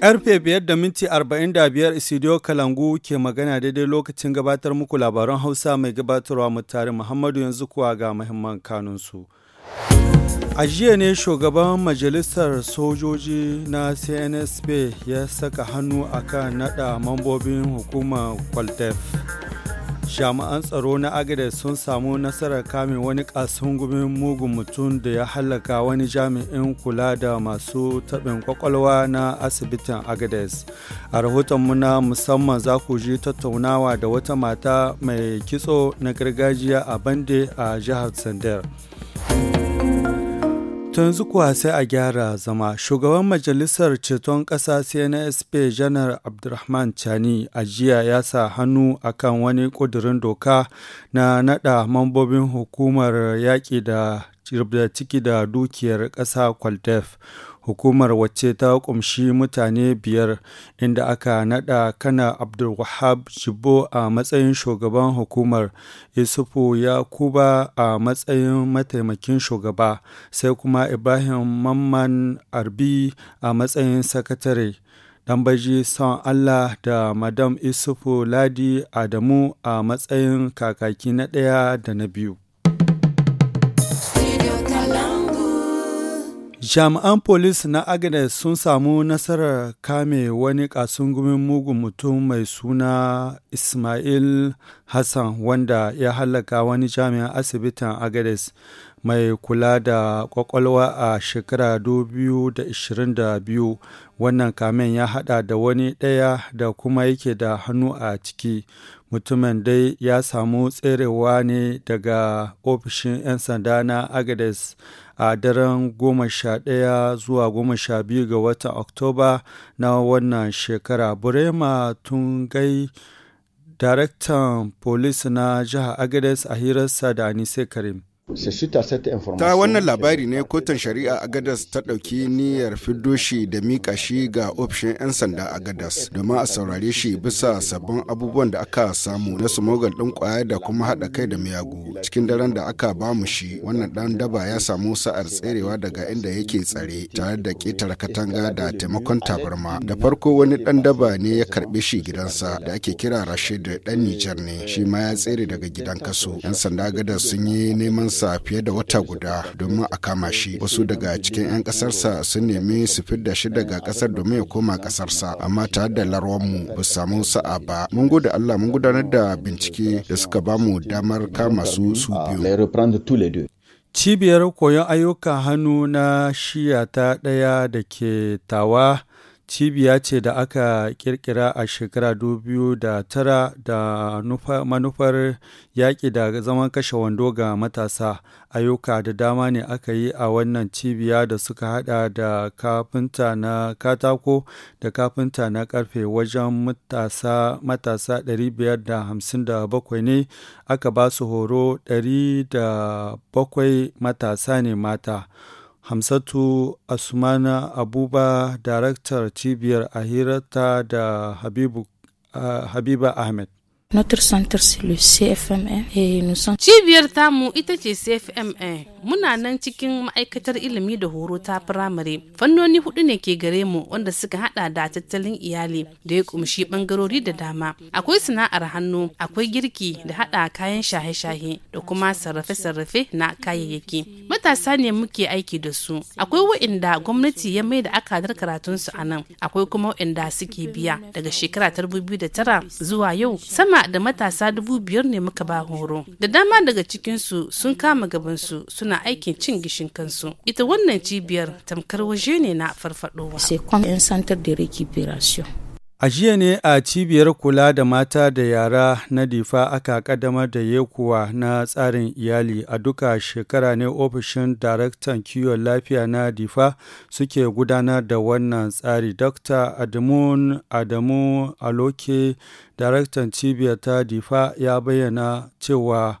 Karfe biyar da minti arba'in da biyar Isidiyo Kalangu ke magana daidai lokacin gabatar muku labaran Hausa mai gabatarwa mutare Muhammadu yanzu kuwa ga muhimman kanunsu. A jiya ne shugaban majalisar sojoji na CNSP ya saka hannu akan nada mambobin hukumar Kwaltef. jami'an tsaro na agada sun samu nasarar kame wani kasungumin mugun mutum da ya hallaka wani jami'in kula da masu taɓin kwakwalwa na asibitin agades a rahoton na musamman za ku ji tattaunawa da wata mata mai kitso na gargajiya a bande a jihar sandar To yanzu kuwa sai a gyara zama shugaban majalisar ceton ƙasa CNSP janar Abdulrahman Chani a jiya ya sa hannu akan wani ƙudurin doka na nada mambobin hukumar yaƙi da ciki da dukiyar ƙasa Kwaldef. Hukumar wacce ta kumshi mutane biyar inda aka nada kana Abdulwahab Jibo a matsayin shugaban hukumar, Isufu kuba a matsayin mataimakin shugaba, sai kuma Ibrahim Mamman Arbi a matsayin sakatare. Dambaji son Allah da Madam Isufu Ladi Adamu a matsayin kakaki na ɗaya da na biyu. Jami'an Folis na Agnes sun samu nasarar kame wani kasungumin mugun mutum mai suna Ismail Hassan wanda ya halaka wani jami'an asibitin Agnes, mai kula da kwakwalwa a shekara 2022. Wannan kamen ya hada da wani ɗaya da kuma yake da hannu a ciki. mutumin dai ya samu tserewa ne daga ofishin 'yan sanda na agades a daren 11 zuwa 12 ga watan oktoba na wannan shekara burema tun gai daraktan polis na jihar agades a hirarsa da anise karim Ta wannan labari ne kotun shari'a a Gadas ta ɗauki niyyar fiddo shi da mika shi ga ofishin 'yan sanda a Gadas domin a saurare shi bisa sabbin abubuwan da aka samu na sumogal ɗin kwaya da kuma haɗa kai da miyagu. Cikin daren da aka bamu shi wannan dan daba ya samu sa'ar tserewa daga inda yake tsare tare da ƙetare katanga da taimakon tabarma. Da farko wani ɗan daba ne ya karɓi shi gidansa da ake kira Rashid dan Nijar ne shi ma ya tsere daga gidan kaso. 'Yan sanda Gadas sun yi neman sa fiye da wata guda domin a kama shi wasu daga cikin 'yan kasarsa sun nemi su fidda shi daga ƙasar domin ya koma kasarsa amma tare da larwanmu ba samu sa'a ba mun gode allah mun gudanar da bincike da suka bamu damar kama su su biyu Cibiyar koyon ayyukan hannu na shiya ta ɗaya da ke tawa cibiya ce da aka kirkira a shekara 2009 da manufar yaƙi da zaman kashe wando ga matasa ayyuka da dama ne aka yi a wannan cibiya da suka hada da kafinta na katako da kafinta na karfe wajen matasa matasa 557 ne aka ba su horo 107 matasa ne mata Hamsatu Asmana Abuba, daraktar cibiyar Ahirata da Habibu, uh, Habiba Ahmed. Notre centre, c'est le CFMN. Et nous sommes... Cibiyar tamu ita ce CFMN. muna nan cikin ma'aikatar ilimi da horo ta firamare fannoni hudu ne ke gare mu wanda suka hada da tattalin iyali da ya kumshi bangarori da dama akwai sana'ar hannu akwai girki da hada kayan shahe-shahe da kuma sarrafe-sarrafe na kayayyaki matasa ne muke aiki da su akwai wa'inda gwamnati ya mai da akadar su a nan akwai kuma wa'inda suke biya daga shekara ta tara zuwa yau sama da matasa dubu biyar ne muka ba horo da dama daga cikinsu sun kama gabansu suna aikin cin gishin kansu ita wannan cibiyar tamkar waje ne na farfadowa A jiya ne a cibiyar kula da mata da yara na difa aka kaddamar da yekuwa na tsarin iyali a duka shekara ne ofishin daraktan kiwon lafiya na difa suke gudanar da wannan tsari. Dr. Adamun Adamu Aloke, daraktan cibiyar ta difa ya bayyana cewa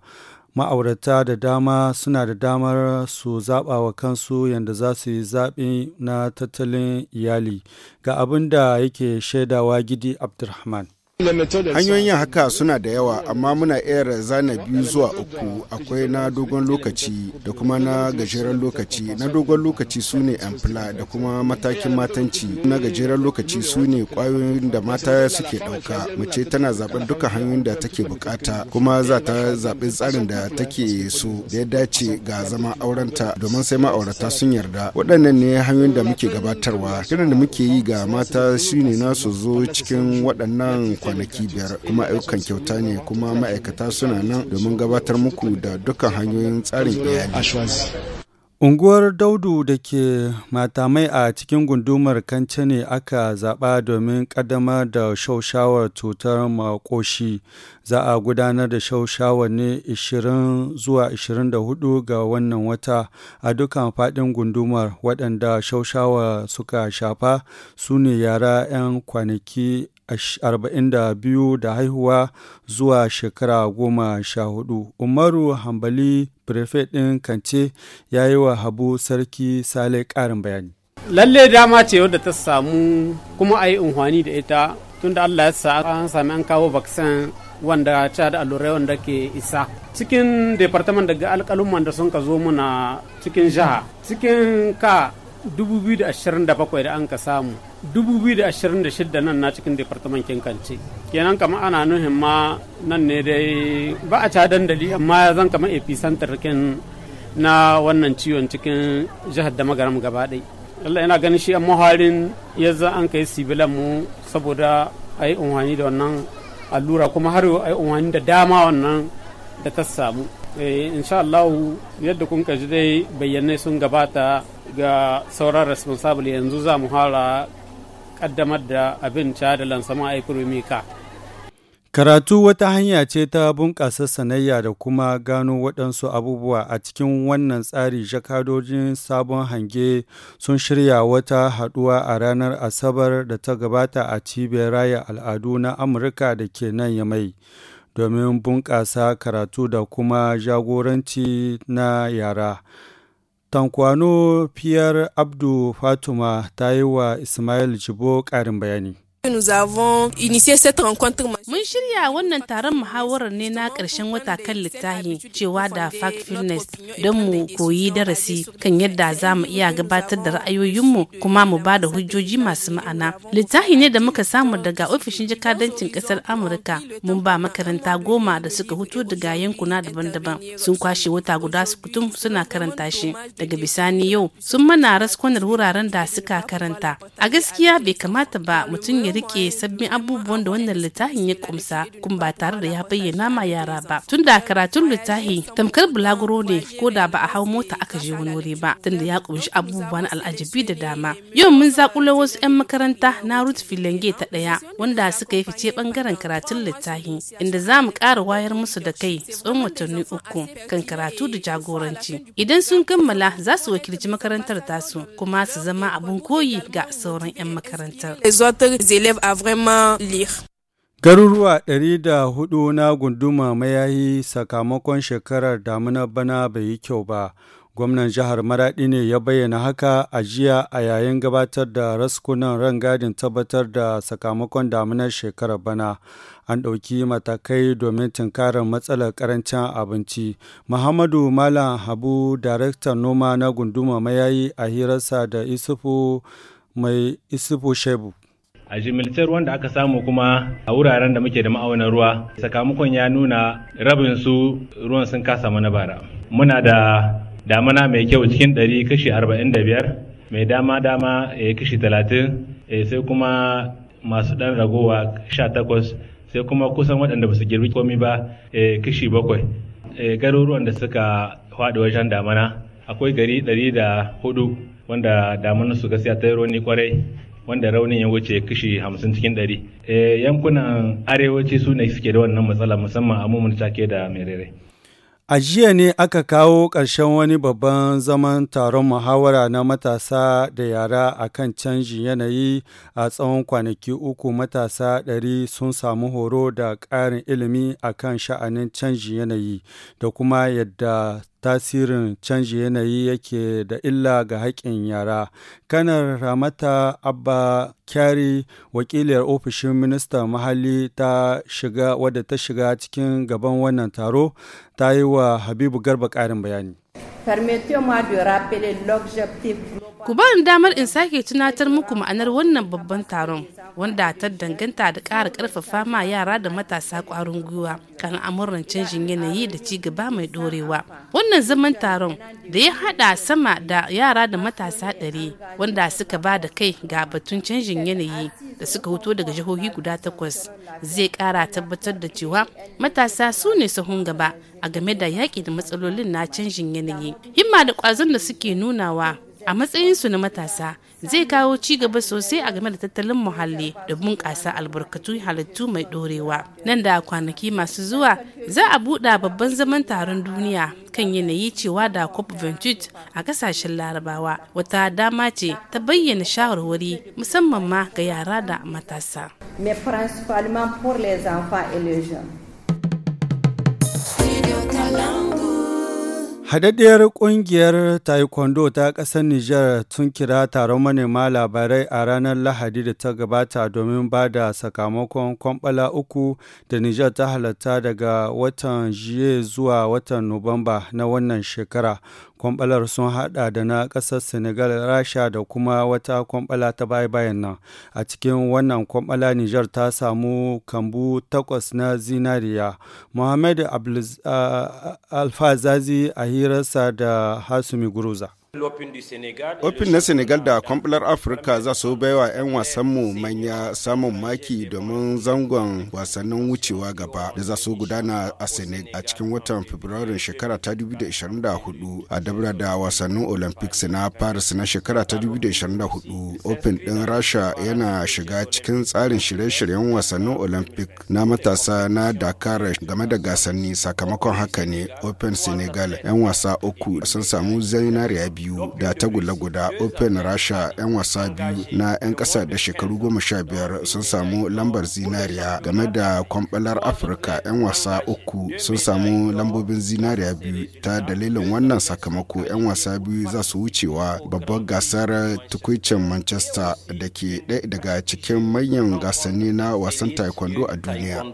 ma'aurata da dama suna da damar su zaɓa wa kansu yadda za su yi zaɓi na tattalin iyali ga abin da yake shaidawa gidi abdulrahman Hanyoyin haka suna da yawa amma muna iya zana biyu zuwa uku akwai na dogon lokaci da kuma na gajeren lokaci na dogon lokaci su ne amfila da kuma matakin matanci na gajeren lokaci su ne kwayoyin da mata suke ɗauka mace tana zaɓen duka hanyoyin da take bukata kuma za ta zaɓi tsarin da take so da ya dace ga zama aurenta domin sai ma'aurata sun yarda waɗannan ne hanyoyin da muke gabatarwa kiran da muke yi ga mata shine na su zo cikin waɗannan kwanaki biyar kuma ayyukan kyauta ne kuma ma'aikata suna nan domin gabatar muku da dukkan hanyoyin tsarin iyali. Unguwar Daudu da ke matamai a cikin gundumar Kance ne aka zaɓa domin ƙaddamar da shaushawar cutar makoshi. Za a gudanar da shaushawar ne 20 zuwa 24 ga wannan wata a dukkan faɗin gundumar waɗanda shaushawar suka shafa su ne yara 'yan kwanaki 42 da haihuwa zuwa shekara goma sha hudu. Umaru Hambali Prefet ɗin Kance ya yi wa Habu Sarki Sale ƙarin bayani. Lalle dama ce wadda ta samu kuma a yi unhwani da ita tunda Allah ya sa an sami an kawo vaccin wanda ta da allurai wanda ke isa cikin departament daga alkalumman da sun ka zo muna cikin jiha cikin ka 2027 da an ka samu 2026 nan na cikin departamentin kinkanci kenan kama ana nuhin ma nan ne dai ba a ca dandali amma ya zan kama epicenter kin na wannan ciwon cikin jihar da magaram gaba ɗai Allah yana ganin shi amma harin ya za an kai sibilan mu saboda a yi unhani da wannan allura kuma har a yi unhani da dama wannan da ta samu eh, insha Allah yadda kun kaji dai bayyane sun gabata ga sauran responsable yanzu za mu hara kaddamar da abin ca da lansama Karatu wata hanya ce ta bunƙasa sanayya da kuma gano waɗansu abubuwa a cikin wannan tsari jakadojin sabon hange sun shirya wata haɗuwa a ranar Asabar da ta gabata a cibiyar raya al'adu na Amurka da ke nan Yamai. domin bunƙasa karatu da kuma jagoranci na yara. Tankwano Fiyar Abdu Fatuma ta yi wa Ismail Jibo ƙarin bayani. Mun shirya wannan taron muhawarar ne na ƙarshen wata kan littafi cewa da factfulness don mu koyi darasi kan yadda za mu iya gabatar da ra'ayoyinmu kuma mu ba da hujjoji masu ma'ana. Littafi ne da muka samu daga ofishin jakadancin ƙasar Amurka mun ba makaranta goma da suka hutu daga yankuna daban-daban sun kwashe wata guda su kutum suna karanta shi daga bisani yau sun mana raskonar wuraren da suka karanta. A gaskiya bai kamata ba mutum ya ya rike sabbin abubuwan da wannan littafin ya kumsa kun ba tare da ya bayyana ma yara ba tun da karatun littafi tamkar bulaguro ne ko da ba a hau mota aka je wani wuri ba tunda ya kunshi abubuwan al'ajabi da dama yau mun zakulo wasu 'yan makaranta na ruth filange ta daya wanda suka yi fice bangaren karatun littafi inda za mu ƙara wayar musu da kai tsawon watanni uku kan karatu da jagoranci idan sun kammala za su wakilci makarantar tasu kuma su zama abun koyi ga sauran 'yan makarantar élèves à vraiment lire. Garuruwa ɗari da hudu na gunduma mayayi sakamakon shekarar damuna bana bai yi kyau ba. Gwamnan jihar Maraɗi ne ya bayyana haka a jiya a yayin gabatar da raskunan rangadin tabbatar da sakamakon damunar shekarar bana. An ɗauki matakai domin tunkarar matsalar ƙarancin abinci. Muhammadu Malam Habu, daraktan noma na gunduma mayayi a hirarsa da Isufu mai Isufu Shebu. a jimilce ruwan da aka samu kuma a wuraren da muke da ma'aunin ruwa sakamakon ya nuna rabin su ruwan sun kasa mana bara muna da damana mai kyau cikin ɗari kashi arba'in da biyar mai dama dama eh, kashi talatin eh, sai kuma masu ɗan ragowa sha takwas sai kuma kusan waɗanda ba su girbi komi ba eh, kashi bakwai garuruwan da suka faɗi wajen damana akwai gari ɗari da hudu wanda damana su gaskiya ta yi kwarai wanda raunin ya wuce kashi hamsin cikin ɗari eh, yankunan arewaci su ne suke da wannan matsala musamman a mummun take da merere a jiya ne aka kawo ƙarshen wani babban zaman taron muhawara na matasa da yara a kan canjin yanayi a tsawon kwanaki uku matasa ɗari sun samu horo da ƙarin ilimi a kan sha'anin canjin yanayi da kuma yadda tasirin canji yanayi yake da illa ga haƙƙin yara. Kanar Ramata Abba Kyari wakiliyar ofishin ministan mahalli ta shiga wadda ta shiga cikin gaban wannan taro ta yi wa Habibu Garba ƙarin bayani. Ku ba ni damar in sake tunatar muku ma'anar wannan babban taron wanda ta danganta da ƙara ƙarfafa ma yara da matasa ƙwarin gwiwa kan amurran canjin yanayi da ci gaba mai ɗorewa. Wannan zaman taron da ya haɗa sama da yara da matasa ɗari wanda suka ba da kai ga batun canjin yanayi da suka hoto daga jihohi guda takwas zai kara tabbatar da cewa matasa su ne sahun gaba a game da yaƙi da matsalolin na canjin yanayi himma da ƙwazon da suke nunawa a matsayin su na matasa zai kawo ci gaba sosai a game da tattalin muhalli da bunƙasa albarkatu halittu mai ɗorewa nan da kwanaki masu zuwa za a buɗa babban zaman taron duniya kan yanayi cewa da cop 28 a ƙasashen larabawa wata dama ce ta bayyana shawarwari musamman ma ga yara da matasa. Mais principalement pour les enfants et les jeunes. haɗaɗɗiyar ƙungiyar Taekwondo ta ƙasar Nijar tun kira taron manema labarai a ranar Lahadi da ta gabata domin ba da sakamakon kwamɓala uku da Nijar ta halatta daga watan Jiye zuwa watan Nuwamba na wannan shekara. Kwamɓalar sun haɗa da na ƙasar Senegal, Rasha da kuma wata kwamɓala ta baya-bayan nan. A cikin wannan kwamɓala Nijar ta samu kambu takwas na zinariya. Muhammad ah, Alfazazi Ahi hirarsa da Hasumi Guruza. Ofin na Senegal da kwamfular Afirka za su baiwa 'yan wasanmu manya samun maki domin zangon wasannin wucewa gaba da za su gudana a Senegal a cikin watan Fabrairun shekara ta 2024 a dabra da wasannin Olympics na Paris na shekara ta 2024. Ofin ɗin Rasha yana shiga cikin tsarin shirye-shiryen wasannin Olympic na matasa na Dakar game da gasanni sakamakon haka ne Open Senegal 'yan wasa uku sun samu zinariya biyu da tagulla guda open rasha 'yan wasa biyu na 'yan ƙasa da shekaru goma sha biyar sun samu lambar zinariya game da kwambalar afirka 'yan wasa uku sun samu lambobin zinariya biyu ta dalilin wannan sakamako 'yan wasa biyu za su wucewa babbar gasar tukwicin manchester da ke ɗaya daga cikin manyan gasanni na wasan taekwondo a duniya.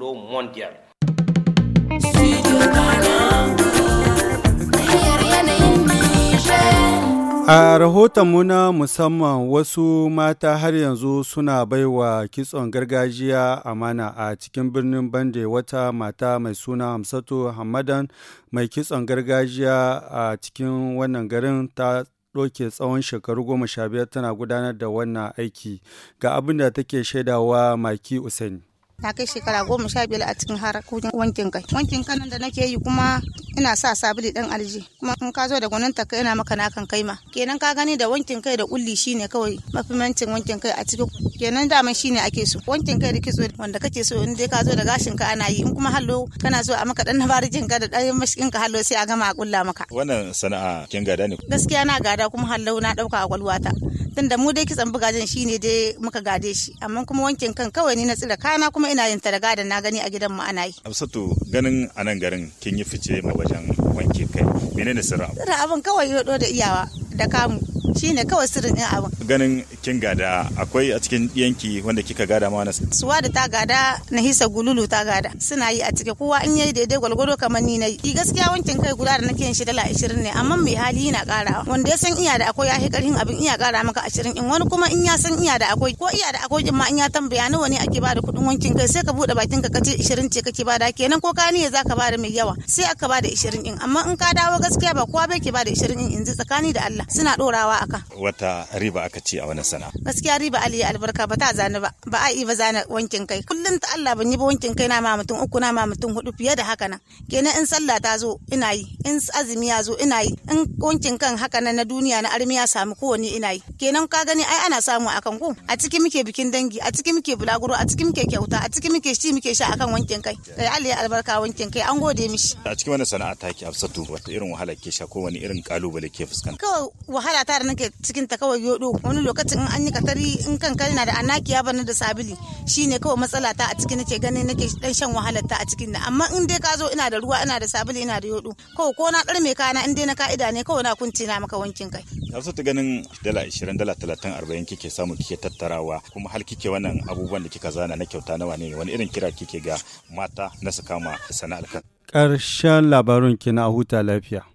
A rahotonmu na musamman wasu mata har yanzu suna baiwa kitson gargajiya amana a cikin birnin Bande wata mata mai suna Hamsatu Hamadan mai kitson gargajiya a cikin wannan garin ta ɗauke tsawon shekaru goma sha biyar tana gudanar da wannan aiki ga abin da take shaidawa Maki Usaini. na kai shekara goma sha biyar a cikin harakokin wankin kai wankin kanan da nake yi kuma ina sa sabulu dan alji kuma in ka zo da gwanin ka ina maka na kai ma kenan ka gani da wankin kai da kulli shine kawai mafimancin wankin kai a cikin kenan daman shine ake so wankin kai da kitso wanda kake so in dai ka zo da gashin ka ana yi in kuma hallo kana so a maka dan nabarijin ka da dan mashikin ka hallo sai a gama a kulla maka wannan sana'a kin gada ne gaskiya na gada kuma hallo na dauka a kwalwata tunda mu dai kitsan bugajen shi ne dai muka gade shi amma kuma wankin kan kawai ni na tsira kana kuma ina yin talaga da na gani a gidan mu ana yi absatu ganin anan garin kin yi fice ma wajen wanke kai menene sirra sirra abin kawai yodo da iyawa da kamu Shi ne kawai sirrin ɗin abin ganin kin gada akwai a cikin yanki wanda kika gada ma wani suwa da ta gada na hisa gululu ta gada suna yi a cike kowa in yayi daidai gwalgwado kamar ni na yi gaskiya wankin kai guda da nake yin shi dala ashirin ne amma mai hali yana karawa wanda ya san iya da akwai ya karhin abin iya kara maka ashirin in wani kuma in ya san iya da akwai ko iya da akwai in ma in ya tambaya nawa ne ake bada kuɗin wankin kai sai ka buɗe bakin ka kace ashirin ce kake bada kenan ko ka niyya zaka bada mai yawa sai aka bada ashirin in amma in ka dawo gaskiya ba kowa bai ke bada ashirin in in tsakani da Allah suna ɗorawa rabawa aka wata riba aka ce a wani sana gaskiya riba ali albarka ba ta zani ba ba a yi ba zana wankin kai kullum ta Allah ban yi ba wankin kai na ma mutum uku na ma mutum hudu fiye da haka nan kenan in sallah ta zo ina yi in azumi ya zo ina yi in wankin kan haka nan na duniya na armiya samu kowane ina yi kenan ka gani ai ana samu akan ku a cikin muke bikin dangi a cikin muke bulaguro a cikin muke kyauta a cikin muke shi muke sha akan wankin kai kai Ali ya albarka wankin kai an gode mishi a cikin wannan sana'a ta ki Hafsatu wata irin wahala ke sha ko irin kalubale ke fuskanta kawai wahala ta nake cikin ta kawai yodo wani lokacin in an yi katari in kan na da anakiya bana da sabili shine kawai matsala ta a cikin nake ganin nake dan shan wahalar ta a cikin na amma in dai ka zo ina da ruwa ina da sabili ina da yodo kawai ko na dar ka kana in dai na ka'ida ne kawai na kunce na maka wankin kai na so ta ganin dala 20 dala 30 40 kike samu kike tattarawa kuma har kike wannan abubuwan da kika zana na kyauta nawa ne wani irin kira kike ga mata na su kama sana'ar ƙarshen labarin kina huta lafiya